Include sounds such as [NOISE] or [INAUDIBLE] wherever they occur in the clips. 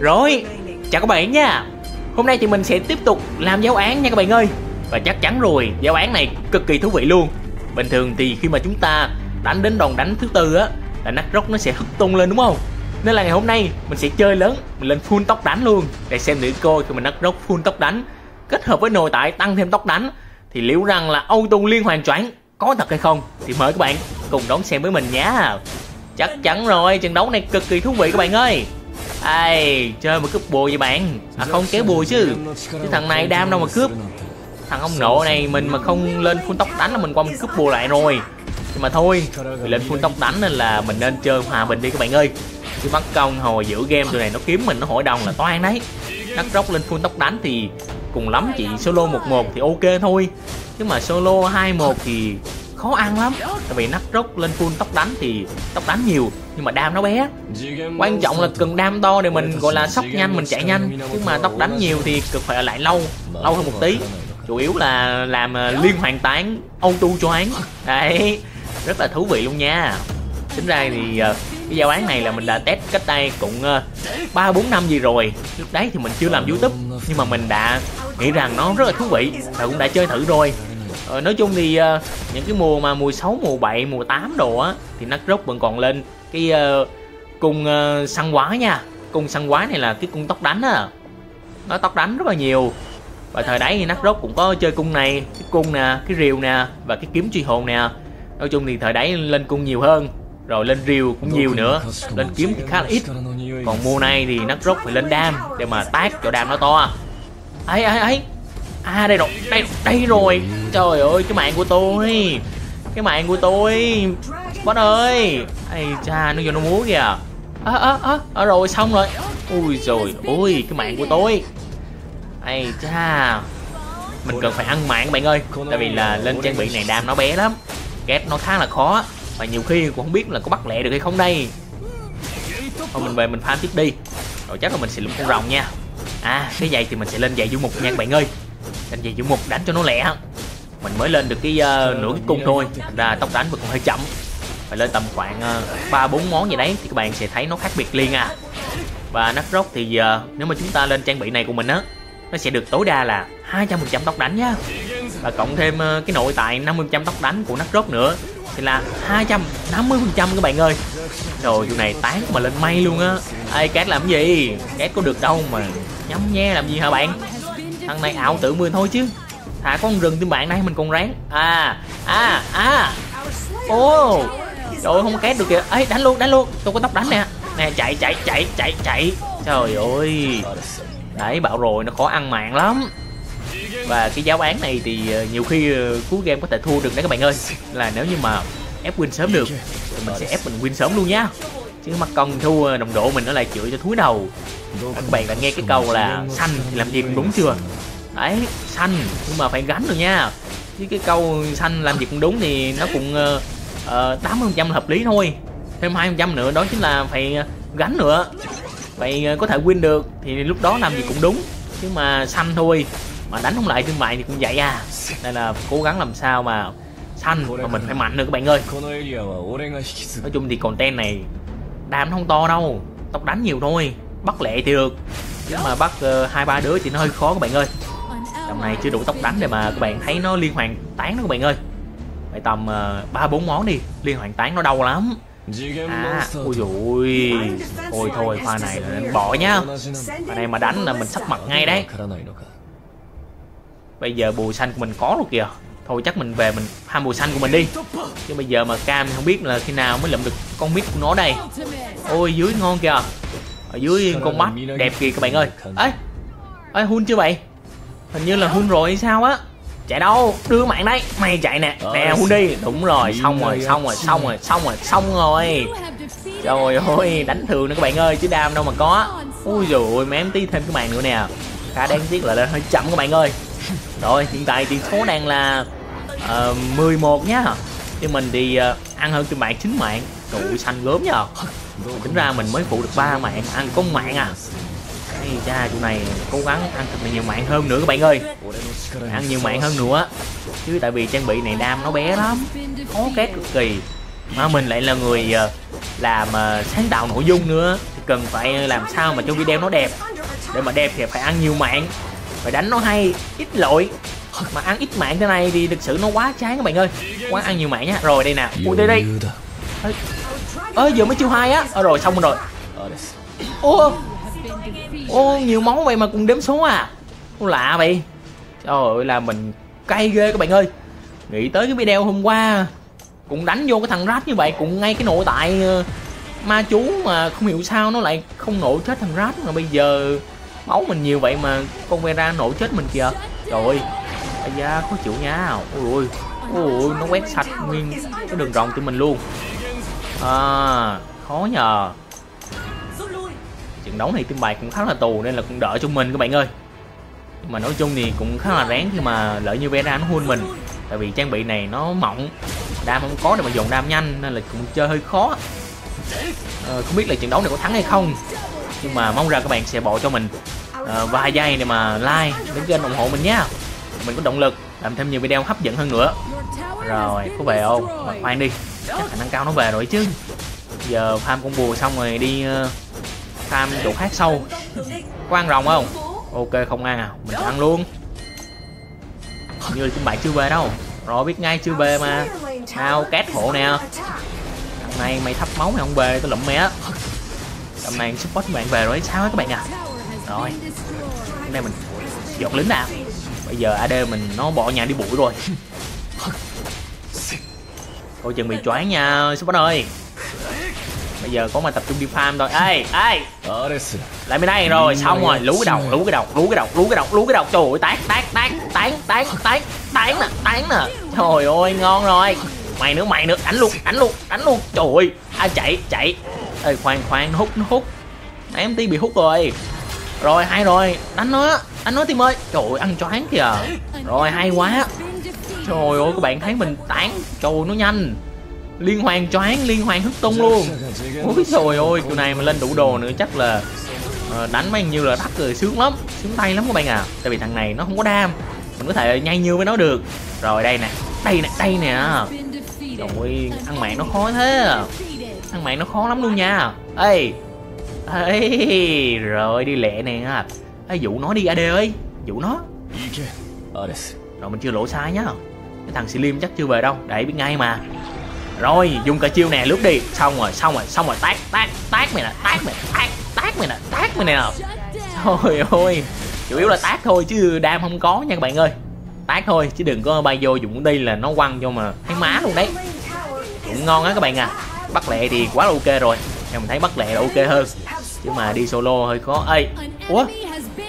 Rồi, chào các bạn nha Hôm nay thì mình sẽ tiếp tục làm giáo án nha các bạn ơi Và chắc chắn rồi, giáo án này cực kỳ thú vị luôn Bình thường thì khi mà chúng ta đánh đến đòn đánh thứ tư á Là nát rốc nó sẽ hất tung lên đúng không? Nên là ngày hôm nay mình sẽ chơi lớn, mình lên full tóc đánh luôn Để xem nữ coi khi mình nát rốc full tóc đánh Kết hợp với nội tại tăng thêm tóc đánh Thì liệu rằng là Âu Tung Liên hoàn choáng có thật hay không Thì mời các bạn cùng đón xem với mình nhé Chắc chắn rồi, trận đấu này cực kỳ thú vị các bạn ơi ai chơi mà cướp bùa vậy bạn à không kéo bùa chứ chứ thằng này đam đâu mà cướp thằng ông nộ này mình mà không lên full tóc đánh là mình qua mình cướp bùa lại rồi nhưng mà thôi mình lên full tóc đánh nên là mình nên chơi hòa bình đi các bạn ơi chứ bắt công hồi giữ game tụi này nó kiếm mình nó hội đồng là toan đấy đắt róc lên full tóc đánh thì cùng lắm chị solo một một thì ok thôi chứ mà solo hai một thì khó ăn lắm tại vì nắp rốc lên full tóc đánh thì tóc đánh nhiều nhưng mà đam nó bé quan trọng là cần đam to để mình gọi là sóc nhanh mình chạy nhanh nhưng mà tóc đánh nhiều thì cực phải ở lại lâu lâu hơn một tí chủ yếu là làm ờ, liên hoàn tán ô auto choáng đấy rất là thú vị luôn nha tính ra thì ờ, cái giao án này là mình đã test cách đây cũng ờ, ba bốn năm gì rồi lúc đấy thì mình chưa làm youtube nhưng mà mình đã nghĩ rằng nó rất là thú vị và cũng đã chơi thử rồi rồi ờ, nói chung thì uh, những cái mùa mà mùa 6, mùa 7, mùa 8 đồ á thì nắc rốc vẫn còn lên cái uh, cung uh, săn quá nha. Cung săn quá này là cái cung tóc đánh á. Nó tóc đánh rất là nhiều. Và thời đấy thì nắc rốc cũng có chơi cung này, cái cung nè, cái rìu nè và cái kiếm truy hồn nè. Nói chung thì thời đấy lên cung nhiều hơn rồi lên rìu cũng nhiều nữa lên kiếm thì khá là ít còn mùa này thì nắc rốc phải lên đam để mà tác cho đam nó to ấy ấy ấy À đây rồi, đây, đây rồi Trời ơi, cái mạng của tôi Cái mạng của tôi Boss ơi Ây cha, nó vô nó múa kìa Ơ, ơ, ơ, ở rồi, xong rồi Ui rồi, ui, cái mạng của tôi Ây cha Mình cần phải ăn mạng bạn ơi Tại vì là lên trang bị này đam nó bé lắm Ghét nó khá là khó Và nhiều khi cũng không biết là có bắt lẹ được hay không đây Thôi mình về mình farm tiếp đi Rồi chắc là mình sẽ lục con rồng nha À cái giày thì mình sẽ lên giày du mục nha các bạn ơi Đánh về giữ một đánh cho nó lẹ Mình mới lên được cái uh, nửa cái cung thôi Thành ra tốc đánh vẫn còn hơi chậm Phải lên tầm khoảng ờ, ba uh, bốn món gì đấy Thì các bạn sẽ thấy nó khác biệt liền à Và nắp rốc thì uh, nếu mà chúng ta lên trang bị này của mình á Nó sẽ được tối đa là 200% tốc đánh nhá Và cộng thêm uh, cái nội tại 50% tốc đánh của nắp rốc nữa thì là 250% các bạn ơi Rồi chỗ này tán mà lên may luôn á Ê Cát làm gì Cát có được đâu mà nhắm nhe làm gì hả bạn thằng này ảo tự mình thôi chứ thả con rừng tim bạn này mình còn ráng à à à ô trời ơi không két được kìa ấy đánh luôn đánh luôn tôi có tóc đánh nè nè chạy chạy chạy chạy chạy trời ơi đấy bảo rồi nó khó ăn mạng lắm và cái giáo án này thì ờ, nhiều khi ờ, cuối game có thể thua được đấy các bạn ơi là nếu như mà ép win sớm được thì mình sẽ ép mình win sớm luôn nha chứ mắc công thua đồng độ mình nó lại chửi cho thúi đầu các bạn đã nghe cái câu là xanh thì làm gì cũng đúng chưa đấy xanh nhưng mà phải gánh rồi nha chứ cái câu xanh làm gì cũng đúng thì nó cũng ờ, ờ, tám mươi trăm hợp lý thôi thêm hai trăm nữa đó chính là phải gánh nữa vậy ờ, có thể win được thì lúc đó làm gì cũng đúng chứ mà xanh thôi mà đánh không lại thương mại thì cũng vậy à nên là cố gắng làm sao mà xanh mà mình phải mạnh nữa các bạn ơi nói chung thì content này đam nó không to đâu tóc đánh nhiều thôi bắt lẹ thì được chứ mà bắt ờ, hai uh, ba đứa thì nó hơi khó các bạn ơi tầm này chưa đủ tóc đánh để mà các bạn thấy nó liên hoàn tán đó các bạn ơi phải tầm ờ, ba uh, bốn món đi liên hoàn tán nó đau lắm à ui dụi thôi thôi pha này là bỏ nhá pha này mà đánh là mình sắp mặt ngay đấy bây giờ bùi xanh của mình có rồi kìa thôi chắc mình về mình ham mùa xanh của mình đi chứ bây giờ mà cam không biết là khi nào mới lượm được con mít của nó đây ôi dưới ngon kìa ở dưới con mắt đẹp kìa các bạn ơi ấy ấy hun chưa vậy hình như là hun rồi hay sao á chạy đâu đưa mạng đấy mày chạy nè nè hun đi đúng rồi xong rồi xong rồi xong rồi xong rồi xong rồi trời ơi đánh thường nữa các bạn ơi chứ đam đâu mà có ui dồi, ôi mém tí thêm cái mạng nữa nè khá đáng tiếc là lên hơi chậm các bạn ơi rồi hiện tại tỷ số đang là uh, 11 nhá nhưng mình đi uh, ăn hơn từ mạng chín mạng trụ xanh gớm nhờ tính ra mình mới phụ được ba mạng ăn có mạng à Ây cha chỗ này cố gắng ăn thật là nhiều mạng hơn nữa các bạn ơi ăn nhiều mạng hơn nữa chứ tại vì trang bị này đam nó bé lắm khó két cực kỳ mà mình lại là người ờ, làm ờ, sáng tạo nội dung nữa thì cần phải làm sao mà cho video nó đẹp để mà đẹp thì phải ăn nhiều mạng phải đánh nó hay ít lỗi mà ăn ít mạng thế này thì thực sự nó quá chán các bạn ơi quá ăn nhiều mạng nhá rồi đây nè ui đây đây ơi à, giờ mới chiêu hai á à, rồi xong rồi ô ô nhiều máu vậy mà cũng đếm số à ô, lạ vậy trời ơi là mình cay ghê các bạn ơi nghĩ tới cái video hôm qua cũng đánh vô cái thằng rát như vậy cũng ngay cái nội tại ờ, ma chú mà không hiểu sao nó lại không nổ chết thằng rát mà bây giờ máu mình nhiều vậy mà con vera nổ chết mình kìa trời ơi ai da khó chịu nha ôi ôi ôi nó quét sạch nguyên cái đường rồng tụi mình luôn à khó nhờ trận đấu này team bài cũng khá là tù nên là cũng đỡ cho mình các bạn ơi nhưng mà nói chung thì cũng khá là ráng khi mà lỡ như Vera nó hôn mình tại vì trang bị này nó mỏng đam không có để mà dùng đam nhanh nên là cũng chơi hơi khó à, không biết là trận đấu này có thắng hay không nhưng mà mong rằng các bạn sẽ bỏ cho mình à, vài giây để mà like đến kênh ủng hộ mình nhé mình có động lực làm thêm nhiều video hấp dẫn hơn nữa rồi có về không mà khoan đi chắc khả năng cao nó về rồi chứ giờ farm con bùa xong rồi đi uh, farm chỗ khác sâu có ăn rồng không ok không ăn à mình ăn luôn như là chúng bạn chưa về đâu rồi biết ngay chưa về mà tao két hộ nè hôm nay mày thấp máu mày không về tao lụm mày á tầm này support các bạn về rồi sao á các bạn à rồi hôm nay mình dọn lính nào Bây giờ AD mình nó bỏ nhà đi bụi rồi Thôi [LAUGHS] chừng bị choáng nha Super ơi Bây giờ có mà tập trung đi farm thôi Ê, ê Lại bên đây rồi, xong rồi Lú cái đầu, lú cái đầu, lú cái đầu, lú cái đầu, lú cái đầu, Trời ơi, tán, tán, tán, tán, tán, tán Tán nè, tán nè Trời ơi, ngon rồi Mày nữa, mày nữa, đánh luôn, đánh luôn, đánh luôn Trời ơi, à, chạy, chạy Ê, khoan, khoan, nó hút, nó hút Nãy em tí bị hút rồi rồi hay rồi Đánh nó Đánh nó tìm ơi Trời ơi ăn choáng kìa Rồi hay quá Trời ơi các bạn thấy mình tán Trời nó nhanh Liên hoàn choáng Liên hoàn hất tung luôn Ôi trời ơi Kiểu này mà lên đủ đồ nữa chắc là ờ, Đánh mấy nhiêu là đắt rồi sướng lắm Sướng tay lắm các bạn à Tại vì thằng này nó không có đam Mình có thể nhai nhiêu với nó được Rồi đây nè Đây nè Đây nè Trời ơi Ăn mạng nó khó thế Ăn mạng nó khó lắm luôn nha Ê ấy rồi đi lẹ nè à dụ nó đi ad ơi dụ nó ờ, rồi mình chưa lỗ sai nhá cái thằng slim chắc chưa về đâu để biết ngay mà rồi dùng cả chiêu nè lướt đi xong rồi xong rồi xong rồi tát tát tát mày nè tát mày tát tát mày nè tát mày nè trời ơi chủ yếu là tát thôi chứ đam không có nha các bạn ơi tát thôi chứ đừng có bay vô dùng đi là nó quăng cho mà thấy má luôn đấy cũng ngon á các bạn à bắt lẹ thì quá là ok rồi em thấy bắt lẹ là ok hơn chứ mà đi solo hơi khó ấy ủa đó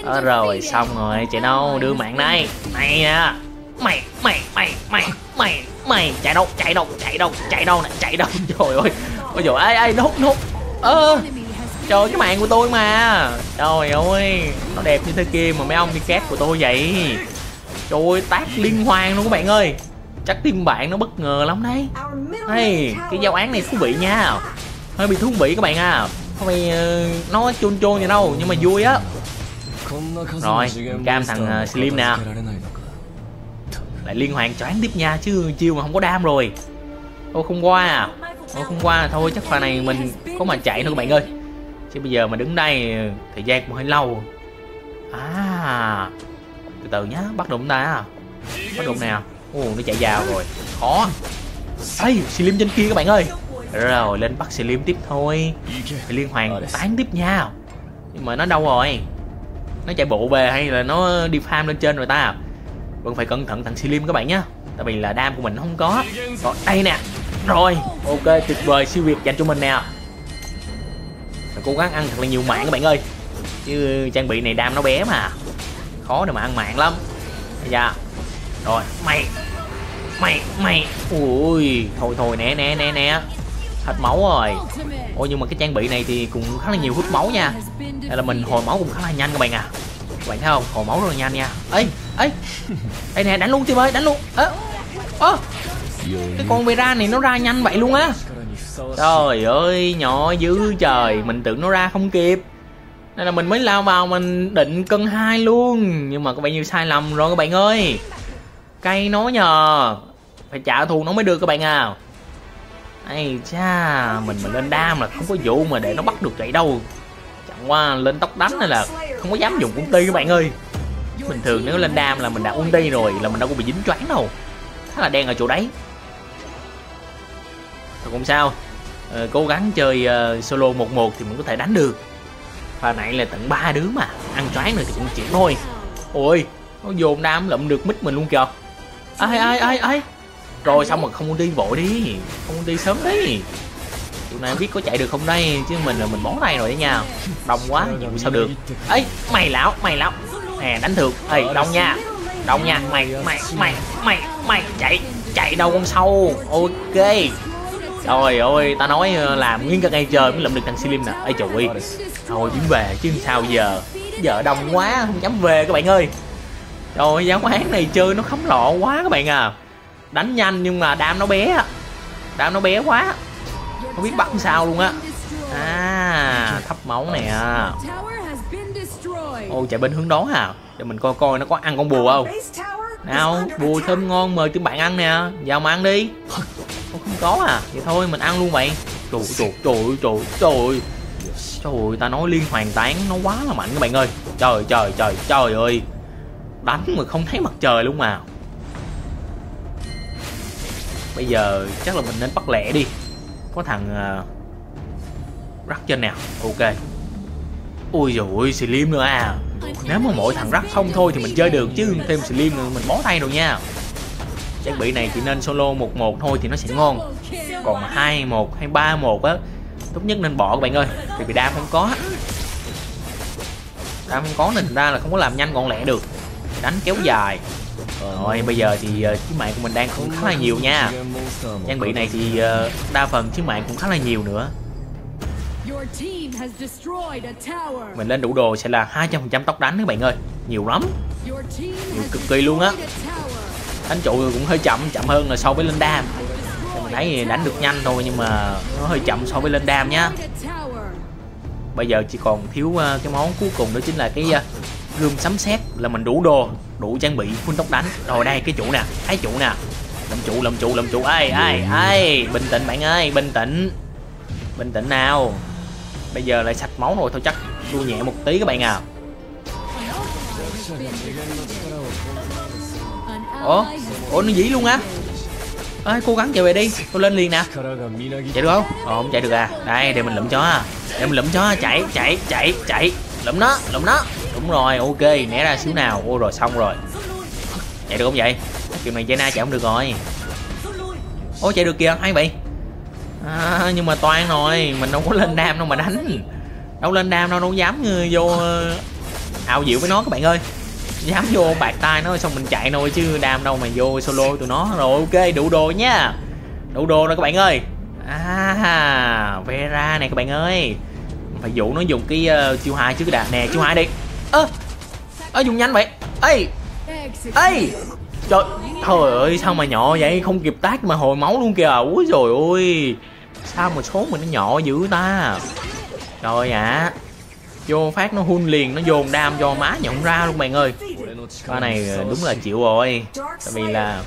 ờ, rồi xong rồi chạy đâu đưa mạng đây mày nha à. mày mày mày mày mày mày chạy đâu chạy đâu chạy đâu chạy đâu nè chạy đâu [LAUGHS] trời ơi ôi giờ ai ai nó hút nó ơ à, trời cái mạng của tôi mà trời ơi nó đẹp như thế kia mà mấy ông đi cát của tôi vậy trời ơi tác liên hoàn luôn các bạn ơi chắc tim bạn nó bất ngờ lắm đấy hey cái giao án này thú vị nha hơi bị thú vị các bạn à không phải ờ, nó chôn chôn gì đâu nhưng mà vui á rồi cam thằng uh, slim nè lại liên hoàn choáng tiếp nha chứ chiêu mà không có đam rồi ô không qua à ô không qua thôi chắc pha này mình có mà chạy thôi các bạn ơi chứ bây giờ mà đứng đây thời gian cũng hơi lâu à từ từ nhá bắt đụng ta à. bắt đụng nào ô nó chạy vào rồi khó ấy slim trên kia các bạn ơi rồi lên bắt xì liêm tiếp thôi xì liên hoàn ờ, tán tiếp nha nhưng mà nó đâu rồi nó chạy bộ về hay là nó đi farm lên trên rồi ta vẫn phải cẩn thận thằng xì liêm các bạn nhé tại vì là đam của mình không có còn đây nè rồi ok tuyệt vời siêu việt dành cho mình nè mình cố gắng ăn thật là nhiều mạng các bạn ơi chứ trang bị này đam nó bé mà khó để mà ăn mạng lắm bây dạ. giờ rồi mày mày mày ui thôi thôi né né né né hết máu rồi ôi nhưng mà cái trang bị này thì cũng khá là nhiều hút máu nha đây là mình hồi máu cũng khá là nhanh các bạn à các bạn thấy không hồi máu rất là nhanh nha ấy ấy đây nè đánh luôn tim ơi đánh luôn ơ ơ cái con vera này nó ra nhanh vậy luôn á trời ơi nhỏ dữ trời mình tưởng nó ra không kịp nên là mình mới lao vào mình định cân hai luôn nhưng mà có bao nhiêu sai lầm rồi các bạn ơi cây nói nhờ phải trả thù nó mới được các bạn à ai cha mình mà lên đam là không có vụ mà để nó bắt được vậy đâu chẳng qua lên tóc đánh này là không có dám dùng ulti các bạn ơi bình thường nếu lên đam là mình đã ung ulti rồi là mình đâu có bị dính choáng đâu khá là đen ở chỗ đấy Thôi cũng sao ờ, Cố gắng chơi uh, solo một một thì mình có thể đánh được Pha nãy là tận ba đứa mà Ăn choáng rồi thì cũng chịu thôi Ôi Nó dồn đam lụm được mít mình luôn kìa Ai ai ai ai rồi xong rồi không muốn đi vội đi không muốn đi sớm đi tụi này biết có chạy được không đây chứ mình là mình bó tay rồi đấy nha đông quá nhưng sao được ấy mày lão mày lão nè đánh thường ấy đông nha đông nha mày ờ, mày mày mày mày chạy chạy đâu con sâu ok trời ơi ta nói ờ, làm nguyên cả ngày trời mới lượm được thằng slim nè ấy trời ơi ờ, thôi biến về chứ sao giờ giờ đông quá không dám về các bạn ơi trời giáo quán này chơi nó khấm lọ quá các bạn à đánh nhanh nhưng mà đam nó bé đam nó bé quá không biết bắt sao luôn á à thấp máu nè ô chạy bên hướng đó à để mình coi coi nó có ăn con bùa không nào bùa thơm ngon mời tụi bạn ăn nè vào mà ăn đi không có à vậy thôi mình ăn luôn vậy trời trời trời trời trời trời ơi ta nói liên hoàn tán nó quá là mạnh các bạn ơi trời trời trời trời ơi đánh mà không thấy mặt trời luôn mà bây giờ chắc là mình nên bắt lẹ đi có thằng ờ, rắc trên nào ok ui dồi slim nữa à nếu mà mỗi thằng rắc không thôi thì mình chơi được chứ thêm slim nữa mình bó tay rồi nha trang bị này chỉ nên solo một một thôi thì nó sẽ ngon còn hai một hay ba một á tốt nhất nên bỏ các bạn ơi vì bị đam không có đam không có nên ra là không có làm nhanh gọn lẹ được đánh kéo dài rồi bây giờ thì uh, chiếc mạng của mình đang cũng khá là nhiều nha Trang bị này thì uh, đa phần chiếc mạng cũng khá là nhiều nữa Mình lên đủ đồ sẽ là 200% tóc đánh các bạn ơi Nhiều lắm Nhiều cực kỳ luôn á Đánh trụ cũng hơi chậm, chậm hơn là so với lên đam Mình thấy đánh được nhanh thôi nhưng mà nó hơi chậm so với lên đam nhá Bây giờ chỉ còn thiếu uh, cái món cuối cùng đó chính là cái uh, gươm sấm sét là mình đủ đồ đủ trang bị phun tóc đánh rồi đây cái trụ nè thấy trụ nè làm trụ làm trụ làm trụ ai ai ai bình tĩnh bạn ơi bình tĩnh bình tĩnh nào bây giờ lại sạch máu rồi thôi chắc đua nhẹ một tí các bạn à ủa ủa nó dĩ luôn á à? ơi cố gắng chạy về đi tôi lên liền nè chạy được không ờ không chạy được à đây để mình lụm chó à. để mình lụm chó chạy chạy chạy chạy lụm nó lụm nó đúng rồi ok né ra xíu nào ô rồi xong rồi chạy được không vậy kiểu này jaina chạy không được rồi ô chạy được kìa hay vậy à, nhưng mà toan rồi mình đâu có lên đam đâu mà đánh đâu lên đam đâu đâu dám vô ờ, ảo diệu với nó các bạn ơi dám vô bạc tay nó xong mình chạy nồi chứ đam đâu mà vô solo tụi nó rồi ok đủ đồ nha đủ đồ rồi các bạn ơi à vera này các bạn ơi phải dụ nó dùng cái uh, chiêu hai trước đã nè chiêu hai đi ơ à, ơ dùng nhanh vậy ê ê trời trời ơi sao mà nhỏ vậy không kịp tác mà hồi máu luôn kìa úi rồi ôi sao mà số mình nó nhỏ dữ ta rồi ạ à. vô phát nó hun liền nó dồn đam cho má nhận ra luôn bạn ơi ba này đúng là chịu rồi tại vì là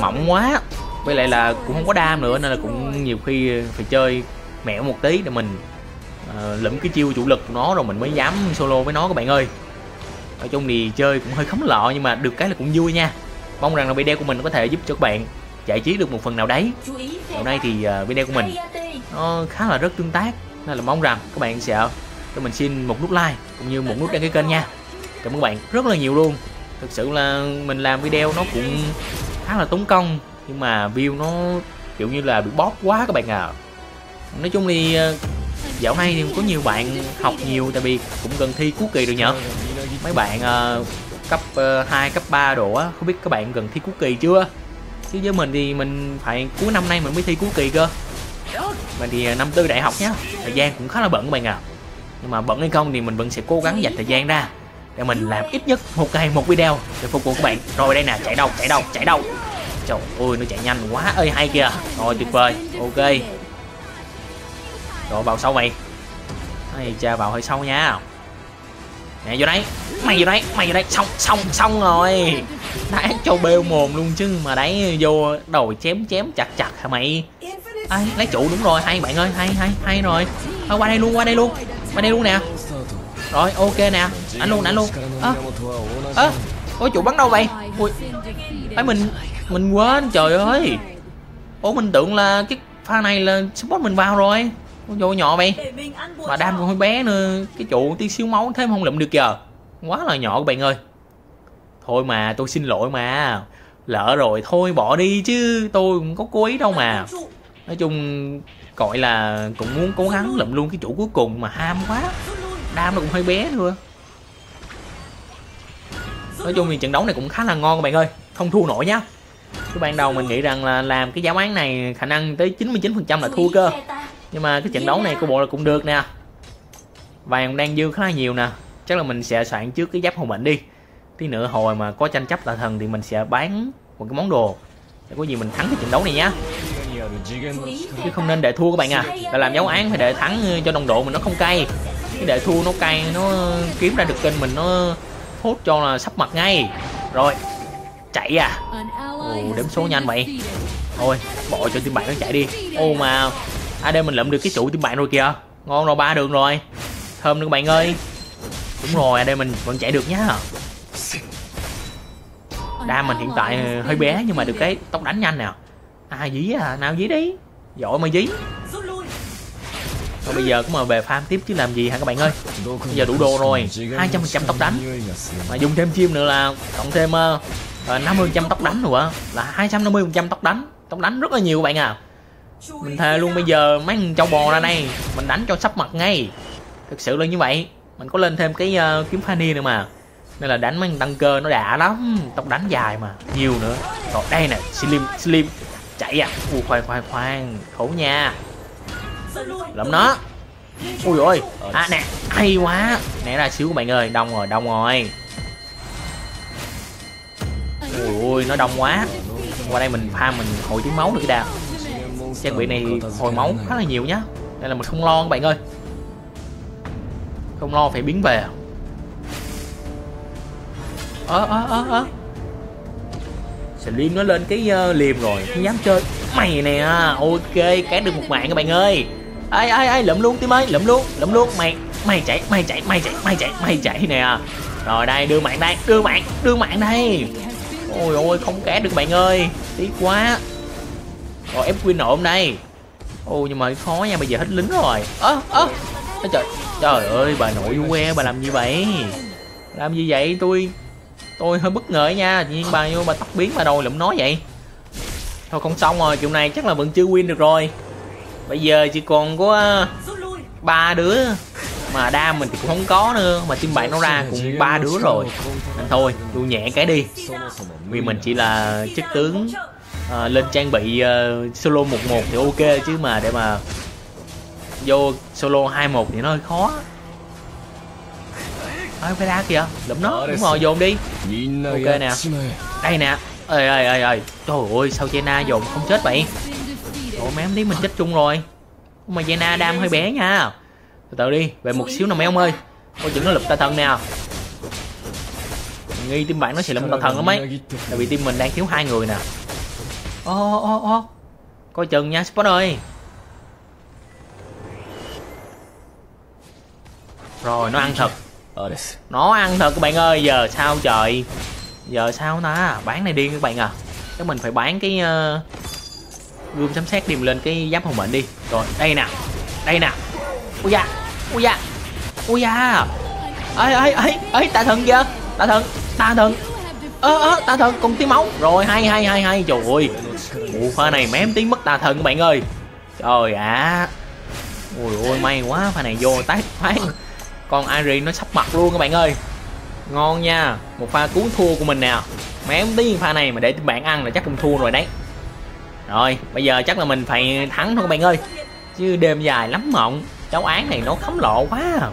mỏng quá với lại là cũng không có đam nữa nên là cũng nhiều khi phải chơi mẹo một tí để mình à, ờ, lẫm cái chiêu chủ lực của nó rồi mình mới dám solo với nó các bạn ơi nói chung thì chơi cũng hơi khấm lọ nhưng mà được cái là cũng vui nha mong rằng là video của mình có thể giúp cho các bạn giải trí được một phần nào đấy hôm nay thì ờ, video của mình nó khá là rất tương tác nên là mong rằng các bạn sẽ cho mình xin một nút like cũng như một nút đăng ký kênh nha cảm ơn các bạn rất là nhiều luôn thực sự là mình làm video nó cũng khá là tốn công nhưng mà view nó kiểu như là bị bóp quá các bạn à nói chung thì ờ, dạo này có nhiều bạn học nhiều tại vì cũng gần thi cuối kỳ rồi nhở mấy bạn uh, cấp uh, ờ, 2, cấp 3 đồ á không biết các bạn gần thi cuối kỳ chưa chứ với mình thì mình phải cuối năm nay mình mới thi cuối kỳ cơ mình thì ờ, năm tư đại học nhá thời gian cũng khá là bận các bạn à nhưng mà bận hay không thì mình vẫn sẽ cố gắng dành thời gian ra để mình làm ít nhất một ngày một video để phục vụ các bạn rồi đây nè chạy đâu chạy đâu chạy đâu trời ơi nó chạy nhanh quá ơi hay kìa rồi tuyệt vời ok rồi vào sau mày Ây cha vào hơi sâu nha Nè vô đấy Mày vô đấy Mày vô đấy Xong xong xong rồi Đã cho bêu mồm luôn chứ Mà đấy vô đầu chém chém chặt chặt hả mày Ai, lấy trụ đúng rồi hay bạn ơi hay hay hay rồi à, qua đây luôn qua đây luôn qua đây luôn nè rồi ok nè anh luôn anh luôn ơ à, à, ôi trụ bắn đâu vậy ui ấy mình mình quên trời ơi ô mình tưởng là cái pha này là support mình vào rồi con vô nhỏ mày mà đam còn hơi bé nữa cái trụ tí xíu máu thêm không lụm được giờ quá là nhỏ các bạn ơi thôi mà tôi xin lỗi mà lỡ rồi thôi bỏ đi chứ tôi cũng có cô ý đâu mà nói chung gọi là cũng muốn cố gắng lụm luôn cái chủ cuối cùng mà ham quá đam nó cũng hơi bé nữa nói chung thì trận đấu này cũng khá là ngon các bạn ơi không thua nổi nhá cái ban đầu mình nghĩ rằng là làm cái giáo án này khả năng tới 99% là thua cơ nhưng mà cái trận đấu này của bộ là cũng được nè vàng đang dư khá là nhiều nè chắc là mình sẽ soạn trước cái giáp hồn bệnh đi tí nữa hồi mà có tranh chấp là thần thì mình sẽ bán một cái món đồ để có gì mình thắng cái trận đấu này nhá chứ không nên để thua các bạn à là làm dấu án phải để thắng ờ, cho đồng độ mình nó không cay cái để thua nó cay nó kiếm ra được kênh mình nó hốt cho là sắp mặt ngay rồi chạy à Ồ, đếm số nhanh vậy thôi bỏ cho team bạn nó chạy đi ô mà À đây mình lượm được cái trụ tiêm bạn rồi kìa Ngon rồi ba đường rồi Thơm nữa các bạn ơi Đúng rồi à đây mình vẫn chạy được nhá Đa mình hiện tại ờ, hơi bé nhưng mà được cái tốc đánh nhanh nè À dí à nào dí đi Giỏi mà dí Thôi bây giờ cũng mà về farm tiếp chứ làm gì hả các bạn ơi Bây giờ đủ đồ rồi 200% tốc đánh Mà dùng thêm chim nữa là cộng thêm uh, 50% tốc đánh nữa Là 250% tốc đánh Tốc đánh rất là nhiều các bạn à mình thề luôn bây giờ mấy thằng châu bò ra đây Mình đánh cho sắp mặt ngay Thực sự là như vậy Mình có lên thêm cái uh, kiếm Fanny nữa mà Nên là đánh mấy thằng tăng cơ nó đã lắm Tóc đánh dài mà Nhiều nữa Rồi đây nè Slim Slim Chạy à Ui khoan khoan khoan Khổ nha Lộm nó Ui ôi À nè Hay quá Nè ra xíu các bạn ơi Đông rồi đông rồi Ui ui nó đông quá Qua đây mình pha mình hồi tiếng máu được cái đà trang bị này ờ, hồi máu khá là nhiều nhá đây là mình không lo các bạn ơi không lo phải biến về ơ ơ ơ ơ Slim nó lên cái uh, liềm rồi Không dám chơi Mày nè Ok cán được một mạng các bạn ơi Ai ai ai lụm luôn tim ơi Lụm luôn lụm luôn Mày mày chạy mày chạy mày chạy mày chạy mày chạy nè Rồi đây đưa mạng đây Đưa mạng đưa mạng đây Ôi ôi không cá được bạn ơi Tiếc quá Ồ ép Queen nổ hôm nay Ô nhưng mà khó nha bây giờ hết lính rồi ơ à, ơ à. trời trời ơi bà nội vô que bà làm gì vậy làm gì vậy tôi tôi hơi bất ngờ nha tự nhiên bà vô bà tóc biến bà đầu lụm nói vậy thôi không xong rồi kiểu này chắc là vẫn chưa win được rồi bây giờ chỉ còn có ờ, ba đứa mà đa mình thì cũng không có nữa mà team bạn nó ra cũng ba đứa rồi nên thôi tôi nhẹ cái đi vì mình chỉ là chức tướng à, lên trang bị uh, solo 11 thì ok chứ mà để mà vô solo 21 thì nó hơi khó ơi phải đá kìa lụm nó đúng rồi dồn đi ok nè đây nè ơi ơi ơi ơi trời ơi sao Jenna dồn không chết vậy trời mém tí mình chết chung rồi mà Jenna đam hơi bé nha từ từ đi về một xíu nào mấy ông ơi có chừng nó lụm ta thần nè. nghi tim bạn nó sẽ lụm ta thần lắm ấy tại vì tim mình đang thiếu hai người nè ô ô ô coi chừng nha spawn ơi rồi nó ăn thật ờ, nó ăn thật các bạn ơi giờ sao trời giờ sao ta bán này điên các bạn à chắc mình phải bán cái uh, gươm sấm sét điềm lên cái giáp hồng mệnh đi rồi đây nè đây nè ui da ui da ui da ấy ấy ấy ấy tà thần kìa tà thần tà thần ơ ơ à, tà thần cùng tiếng máu rồi hay hay hay hay trời ơi Ủa pha này mém tiếng mất tà thần bạn ơi Trời ạ à. Ôi ôi may quá pha này vô tát phát Con Ari nó sắp mặt luôn các bạn ơi Ngon nha Một pha cuốn thua của mình nè Mém tiếng pha này mà để bạn ăn là chắc cũng thua rồi đấy Rồi bây giờ chắc là mình phải thắng thôi các bạn ơi Chứ đêm dài lắm mộng Cháu án này nó khấm lộ quá à.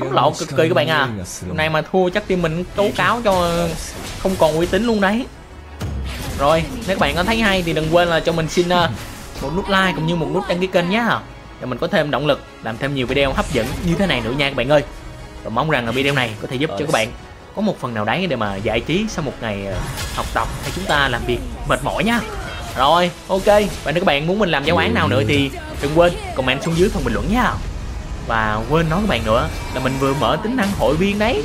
Khấm lộ cực kỳ các bạn à Hôm nay mà thua chắc tim mình tố cáo cho Không còn uy tín luôn đấy rồi nếu các bạn có thấy hay thì đừng quên là cho mình xin ờ, một nút like cũng như một nút đăng ký kênh nhé để mình có thêm động lực làm thêm nhiều video hấp dẫn như thế này nữa nha các bạn ơi và mong rằng là video này có thể giúp cho các bạn có một phần nào đấy để mà giải trí sau một ngày ờ, học tập hay chúng ta làm việc mệt mỏi nhá rồi ok và nếu các bạn muốn mình làm giáo án nào nữa thì đừng quên comment xuống dưới phần bình luận nha và quên nói các bạn nữa là mình vừa mở tính năng hội viên đấy